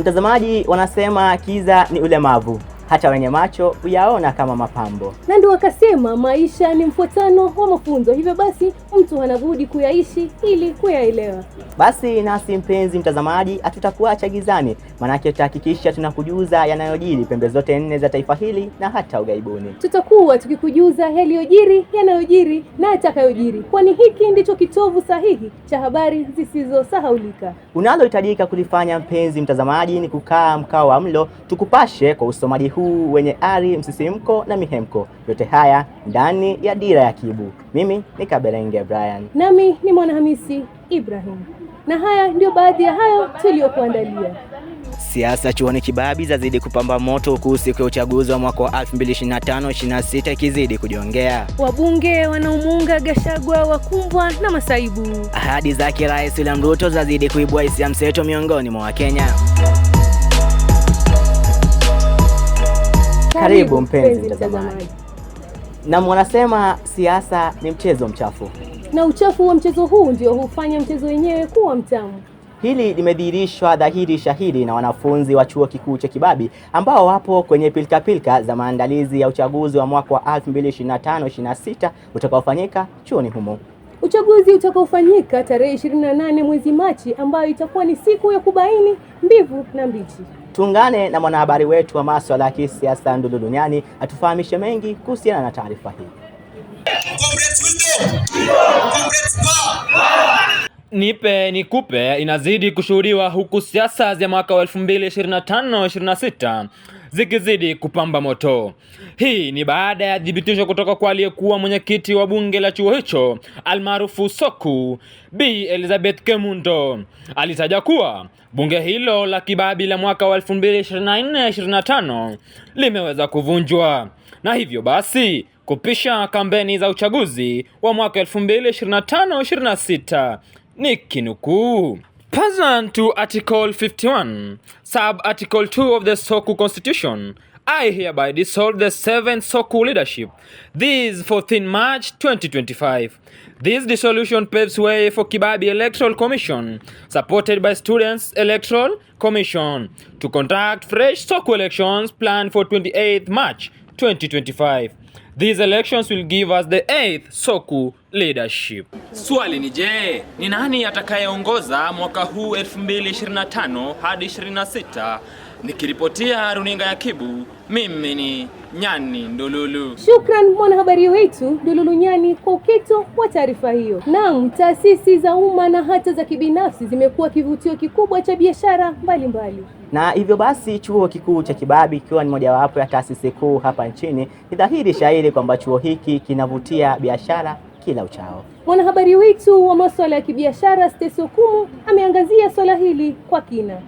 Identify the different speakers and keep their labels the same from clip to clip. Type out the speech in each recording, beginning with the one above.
Speaker 1: mtazamaji wanasema kiza ni ulemavu hata wenye macho huyaona kama mapambo.
Speaker 2: Na ndio akasema maisha ni mfuatano wa mafunzo, hivyo basi mtu anabudi kuyaishi ili kuyaelewa.
Speaker 1: Basi nasi mpenzi mtazamaji, hatutakuacha gizani, maanake tutahakikisha tunakujuza yanayojiri pembe zote nne za taifa hili na hata ugaibuni.
Speaker 2: Tutakuwa tukikujuza yaliyojiri, yanayojiri na yatakayojiri, kwani hiki ndicho kitovu sahihi cha habari zisizosahaulika.
Speaker 1: Unalohitajika kulifanya mpenzi mtazamaji ni kukaa mkao wa mlo, tukupashe kwa usomaji huu mkuu wenye ari, msisimko na mihemko, yote haya ndani ya Dira ya Kibu. Mimi ni Kaberenge Brian,
Speaker 2: nami ni Mwanahamisi Ibrahim, na haya ndio baadhi ya hayo tuliyokuandalia.
Speaker 3: Siasa chuoni Kibabi zazidi kupamba moto huku siku ya uchaguzi wa mwaka wa 2025-26 ikizidi kujiongea.
Speaker 4: Wabunge wanaomuunga Gashagwa wakumbwa na masaibu.
Speaker 3: Ahadi zake Rais William Ruto zazidi kuibua hisia mseto miongoni mwa Wakenya.
Speaker 1: Karibu mpenzi mtazamaji. Na mwanasema siasa ni mchezo mchafu,
Speaker 2: na uchafu wa mchezo huu ndio hufanya mchezo wenyewe kuwa mtamu.
Speaker 1: Hili limedhihirishwa dhahiri shahiri na wanafunzi wa chuo kikuu cha kibabi ambao wapo kwenye pilikapilika za maandalizi ya uchaguzi wa mwaka wa 2025/26 utakaofanyika chuoni humo.
Speaker 2: Uchaguzi utakaofanyika tarehe 28 mwezi Machi, ambayo itakuwa ni siku ya kubaini mbivu na mbichi.
Speaker 1: Tuungane na mwanahabari wetu wa masuala ya kisiasa Ndudu Duniani atufahamishe mengi kuhusiana na taarifa hii.
Speaker 5: Nipe nikupe inazidi kushuhudiwa huku siasa za mwaka wa 2025-26 zikizidi kupamba moto. Hii ni baada ya thibitisho kutoka kwa aliyekuwa mwenyekiti wa bunge la chuo hicho almaarufu Soku, Bi Elizabeth Kemundo. Alitaja kuwa bunge hilo la kibabi la mwaka wa 2024-2025 limeweza kuvunjwa na hivyo basi kupisha kampeni za uchaguzi wa mwaka 2025-2026 nikinukuu
Speaker 6: Pursuant to Article 51, Sub-Article 2 of the Soku Constitution, I hereby dissolve the seventh Soku leadership. This 14 March 2025. This dissolution paves way for Kibabi Electoral Commission, supported by Students Electoral Commission, to conduct fresh Soku elections planned for 28 March 2025. These elections will give us the eighth Soku leadership.
Speaker 7: Swali ni je, ni nani atakayeongoza mwaka huu 2025 hadi 26? Nikiripotia runinga ya Kibu, mimi ni Nyani Ndululu.
Speaker 2: Shukran mwanahabari wetu Ndululu Nyani kwa uketo wa taarifa hiyo. Naam, taasisi za umma na hata za kibinafsi zimekuwa kivutio kikubwa cha biashara mbalimbali,
Speaker 1: na hivyo basi chuo kikuu cha kibabi ikiwa ni mojawapo ya taasisi kuu hapa nchini, ni dhahiri shahiri kwamba chuo hiki kinavutia biashara kila uchao.
Speaker 2: Mwanahabari wetu wa masuala ya kibiashara Steso ameangazia swala hili kwa kina.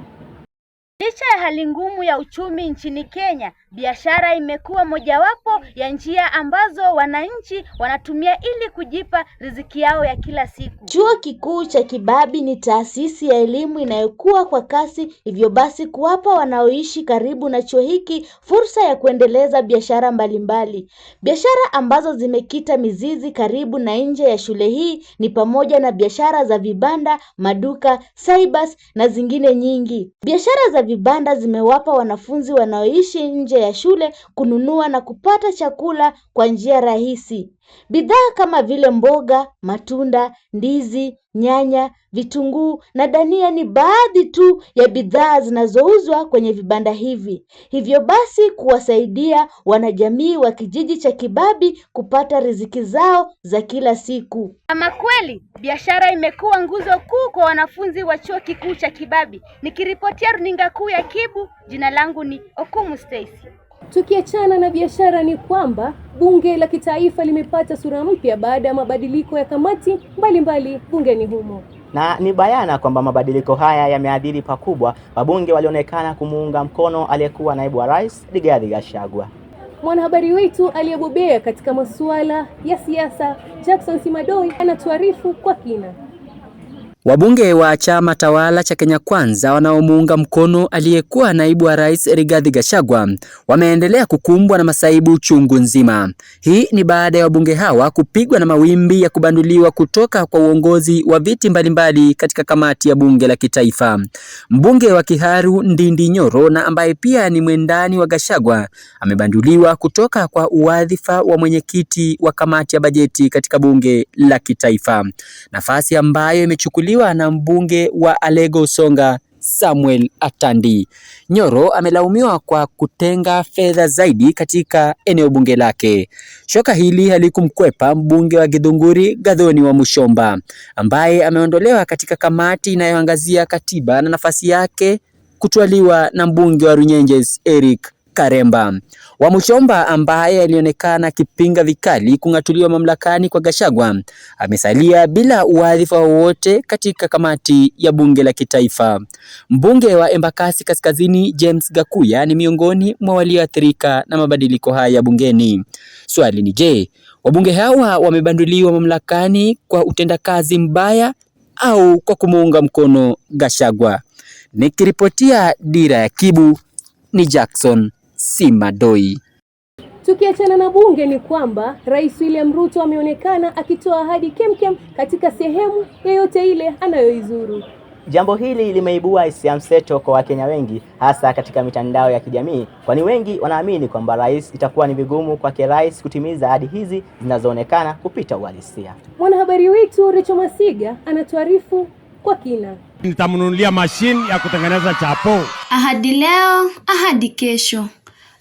Speaker 8: Licha ya hali ngumu ya uchumi nchini Kenya, biashara imekuwa mojawapo ya njia ambazo wananchi wanatumia ili kujipa riziki yao ya kila siku.
Speaker 9: Chuo Kikuu cha kibabi ni taasisi ya elimu inayokuwa kwa kasi, hivyo basi kuwapa wanaoishi karibu na chuo hiki fursa ya kuendeleza biashara mbalimbali. Biashara ambazo zimekita mizizi karibu na nje ya shule hii ni pamoja na biashara za vibanda, maduka, cybers na zingine nyingi. Biashara za vibanda zimewapa wanafunzi wanaoishi nje ya shule kununua na kupata chakula kwa njia rahisi. Bidhaa kama vile mboga, matunda, ndizi, nyanya, vitunguu na dania ni baadhi tu ya bidhaa zinazouzwa kwenye vibanda hivi. Hivyo basi kuwasaidia wanajamii wa kijiji cha Kibabi kupata riziki zao za kila siku.
Speaker 10: Ama kweli biashara imekuwa nguzo kuu kwa wanafunzi wa chuo kikuu cha Kibabi. Nikiripotia runinga kuu ya Kibu, jina langu ni Okumu Stacy.
Speaker 2: Tukiachana na biashara, ni kwamba bunge la kitaifa limepata sura mpya baada ya mabadiliko ya kamati mbalimbali bungeni humo
Speaker 1: na ni bayana kwamba mabadiliko haya yameathiri pakubwa. Wabunge walionekana kumuunga mkono aliyekuwa naibu wa rais Rigathi Gachagua.
Speaker 2: Mwanahabari wetu aliyebobea katika masuala ya siasa Jackson Simadoi anatuarifu kwa kina.
Speaker 11: Wabunge wa chama tawala cha Kenya Kwanza wanaomuunga mkono aliyekuwa naibu wa rais Rigathi Gachagua wameendelea kukumbwa na masaibu chungu nzima. Hii ni baada ya wabunge hawa kupigwa na mawimbi ya kubanduliwa kutoka kwa uongozi wa viti mbalimbali katika kamati ya bunge la kitaifa. Mbunge wa Kiharu Ndindi Nyoro na ambaye pia ni mwendani wa Gachagua amebanduliwa kutoka kwa uwadhifa wa mwenyekiti wa kamati ya bajeti katika bunge la kitaifa, nafasi ambayo imechukuliwa kushikiliwa na mbunge wa Alego Songa Samuel Atandi. Nyoro amelaumiwa kwa kutenga fedha zaidi katika eneo bunge lake. Shoka hili halikumkwepa mbunge wa Githunguri Gathoni wa Mushomba ambaye ameondolewa katika kamati inayoangazia katiba na nafasi yake kutwaliwa na mbunge wa Runyenges Eric Karemba. Wamuchomba ambaye alionekana akipinga vikali kung'atuliwa mamlakani kwa Gachagua amesalia bila wadhifa wowote katika kamati ya bunge la kitaifa. Mbunge wa Embakasi Kaskazini James Gakuya ni miongoni mwa walioathirika na mabadiliko haya bungeni. Swali ni je, wabunge hawa wamebanduliwa mamlakani kwa utendakazi mbaya au kwa kumuunga mkono Gachagua? Nikiripotia Dira ya Kibu ni Jackson si madoi.
Speaker 2: Tukiachana na bunge ni kwamba Rais William Ruto ameonekana akitoa ahadi kemkem katika sehemu yoyote ile anayoizuru.
Speaker 1: Jambo hili limeibua hisia mseto kwa Wakenya wengi hasa katika mitandao ya kijamii, kwani wengi wanaamini kwamba rais, itakuwa ni vigumu kwake rais kutimiza ahadi hizi zinazoonekana kupita uhalisia.
Speaker 2: Mwanahabari wetu Richo Masiga anatuarifu kwa kina.
Speaker 12: Nitamnunulia mashine ya kutengeneza chapo.
Speaker 13: Ahadi leo, ahadi kesho.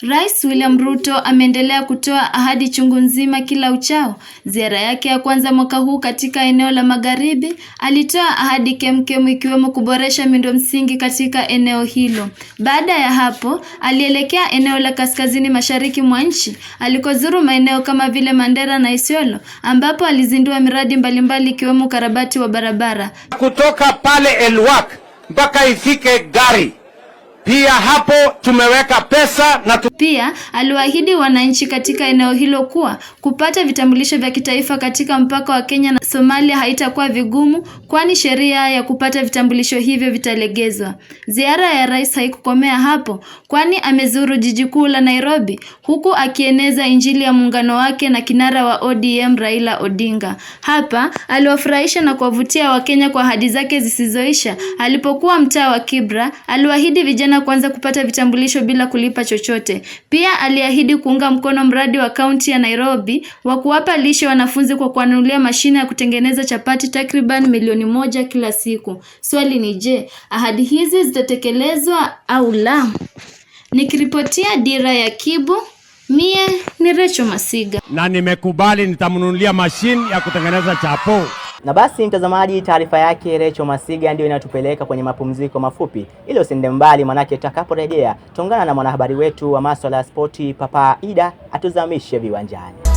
Speaker 13: Rais William Ruto ameendelea kutoa ahadi chungu nzima kila uchao. Ziara yake ya kwanza mwaka huu katika eneo la Magharibi, alitoa ahadi kemkem ikiwemo kuboresha miundo msingi katika eneo hilo. Baada ya hapo, alielekea eneo la kaskazini mashariki mwa nchi alikozuru maeneo kama vile Mandera na Isiolo ambapo alizindua miradi mbalimbali ikiwemo ukarabati wa barabara
Speaker 14: kutoka pale Elwak mpaka ifike gari pia hapo tumeweka pesa na tu...
Speaker 13: Pia aliwaahidi wananchi katika eneo hilo kuwa kupata vitambulisho vya kitaifa katika mpaka wa Kenya na Somalia haitakuwa vigumu, kwani sheria ya kupata vitambulisho hivyo vitalegezwa. Ziara ya rais haikukomea hapo, kwani amezuru jiji kuu la Nairobi huku akieneza injili ya muungano wake na kinara wa ODM Raila Odinga. Hapa aliwafurahisha na kuwavutia Wakenya kwa ahadi zake zisizoisha. Alipokuwa mtaa wa Kibra, aliwaahidi vijana vijana kuanza kupata vitambulisho bila kulipa chochote. Pia aliahidi kuunga mkono mradi wa kaunti ya Nairobi wa kuwapa lishe wanafunzi kwa kuwanunulia mashine ya kutengeneza chapati takriban milioni moja kila siku. Swali ni je, ahadi hizi zitatekelezwa au la? Nikiripotia Dira ya Kibu, mie ni Recho Masiga,
Speaker 12: na nimekubali nitamnunulia mashine ya kutengeneza chapati.
Speaker 1: Na basi mtazamaji, taarifa yake Recho Masiga ndio inatupeleka kwenye mapumziko mafupi, ili usiende mbali, manake tutakaporejea tongana na mwanahabari wetu wa masuala ya spoti Papa Ida atuzamishe viwanjani.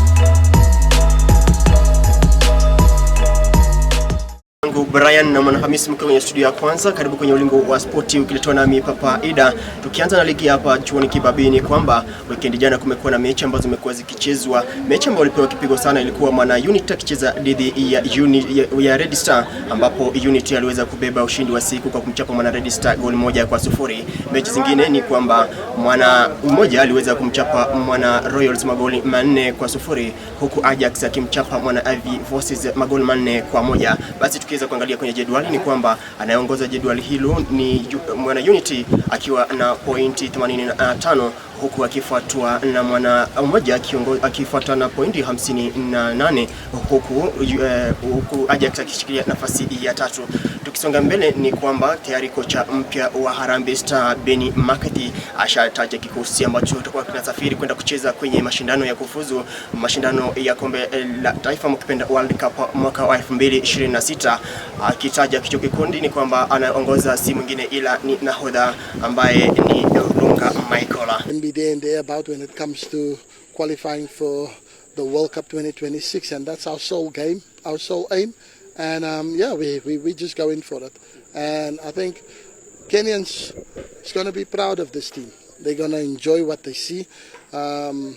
Speaker 15: Angu Brian na Mwanahamisi mkiwa kwenye studio ya kwanza, karibu kwenye ulingo wa spoti ukiletwa nami Papa Ida. Tukianza na ligi hapa chuoni Kibabini, kwamba weekend jana kumekuwa na mechi ambazo zimekuwa zikichezwa. Mechi ambayo ilipewa kipigo sana ilikuwa Mwana Unit akicheza dhidi ya, ya, ya Red Star, ambapo Unit aliweza kubeba ushindi wa siku kwa kumchapa Mwana Red Star goli moja kwa sufuri. Mechi zingine ni kwamba Mwana mmoja aliweza kumchapa Mwana Royals magoli manne kwa sufuri, huku Ajax akimchapa Mwana Ivy Forces magoli manne kwa moja. Basi tuki tukiweza kuangalia kwenye jedwali ni kwamba anayeongoza jedwali hilo ni mwana Unity akiwa na pointi 85 huku akifuatwa na mwana mmoja akifuatwa na pointi 58 huku, uh, huku Ajax akishikilia nafasi ya tatu. Tukisonga mbele ni kwamba tayari kocha mpya wa Harambee Star Beni Makati ashataja kikosi ambacho kitakuwa kinasafiri kwenda kucheza kwenye mashindano ya kufuzu mashindano ya kombe eh, la taifa mkipenda World Cup mwaka wa 2026. Akitaja kicho kikundi ni kwamba anaongoza si mwingine ila ni nahodha ambaye ni
Speaker 16: be there and about when it comes to qualifying for the World Cup 2026, and that's our sole game, our sole aim. And um, yeah, we, we, we just go in for it. And I think Kenyans is going to be proud of this team. They're going to enjoy what they see. Um,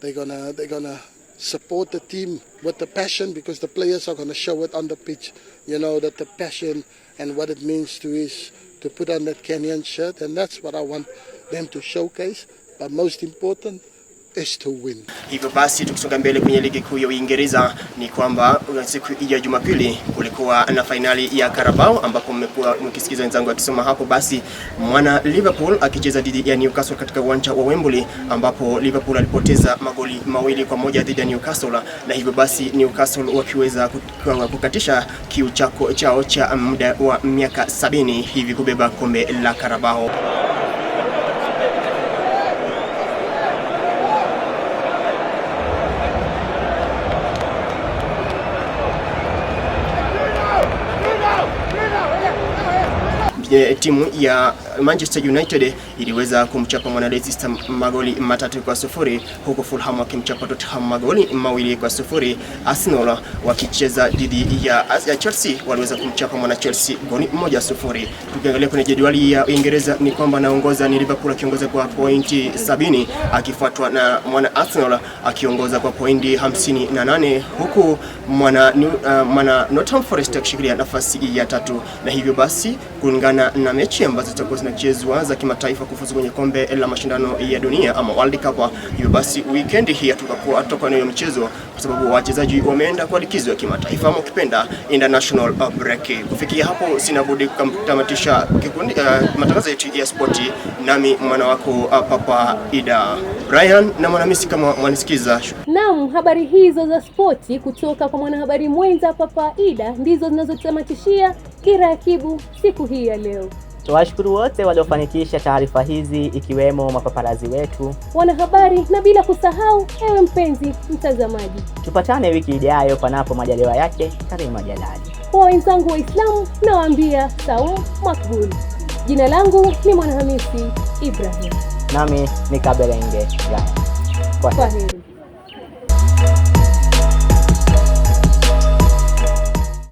Speaker 16: they're going to they're going to support the team with the passion because the players are going to show it on the pitch. You know that the passion and what it means to is to put on that Kenyan shirt, and that's what I want them to showcase. but most important is to win.
Speaker 17: Hivyo basi tukisonga mbele kwenye ligi kuu ya Uingereza ni kwamba siku ya Jumapili kulikuwa na fainali ya Carabao ambapo mmekuwa mkisikiza wenzangu akisoma hapo. Basi mwana Liverpool akicheza dhidi ya Newcastle katika uwanja wa Wembley ambapo Liverpool alipoteza magoli mawili kwa moja dhidi ya Newcastle, na hivyo basi Newcastle wakiweza kukatisha kiu chako chao cha muda wa miaka sabini hivi kubeba kombe la Carabao.
Speaker 18: timu ya Manchester United iliweza kumchapa Mwanaleicester magoli matatu kwa sufuri huku Fulham wakimchapa Tottenham magoli mawili kwa sufuri. Arsenal wakicheza dhidi ya ya Chelsea waliweza kumchapa mwana Chelsea goli moja sufuri. Tukiangalia kwenye jedwali ya Uingereza ni kwamba naongoza ni Liverpool akiongoza kwa pointi sabini akifuatwa na mwana Arsenal akiongoza kwa pointi hamsini na nane huku mwana, uh, mwana Nottingham Forest akishikilia nafasi ya tatu na hivyo basi kulingana na, na mechi ambazo zitakuwa zinachezwa za kimataifa kufuzu kwenye kombe la mashindano ya dunia ama World Cup. Hivyo basi weekend hii tutakuwa tutakuwa na mchezo kwa sababu wachezaji wameenda kwa likizo ya kimataifa ama ukipenda international break. Kufikia hapo sina budi kutamatisha uh, matangazo yetu ya spoti, nami mwana wako eh, Papa Ida Brian na mwanamisi kama mwanisikiza.
Speaker 2: Naam, habari hizo za spoti kutoka kwa mwanahabari mwenza Papa Ida ndizo zinazotamatishia Kirakibu siku hii ya leo.
Speaker 1: Tuwashukuru wote waliofanikisha taarifa hizi ikiwemo mapaparazi wetu,
Speaker 2: wanahabari na bila kusahau ewe mpenzi mtazamaji.
Speaker 1: Tupatane wiki ijayo panapo majaliwa yake Karima Jalali.
Speaker 2: Kwa wenzangu Waislamu nawaambia sawa makbul. Jina langu ni Mwanahamisi Ibrahim,
Speaker 1: nami ni Kaberenge
Speaker 2: Kwa Kwaheri.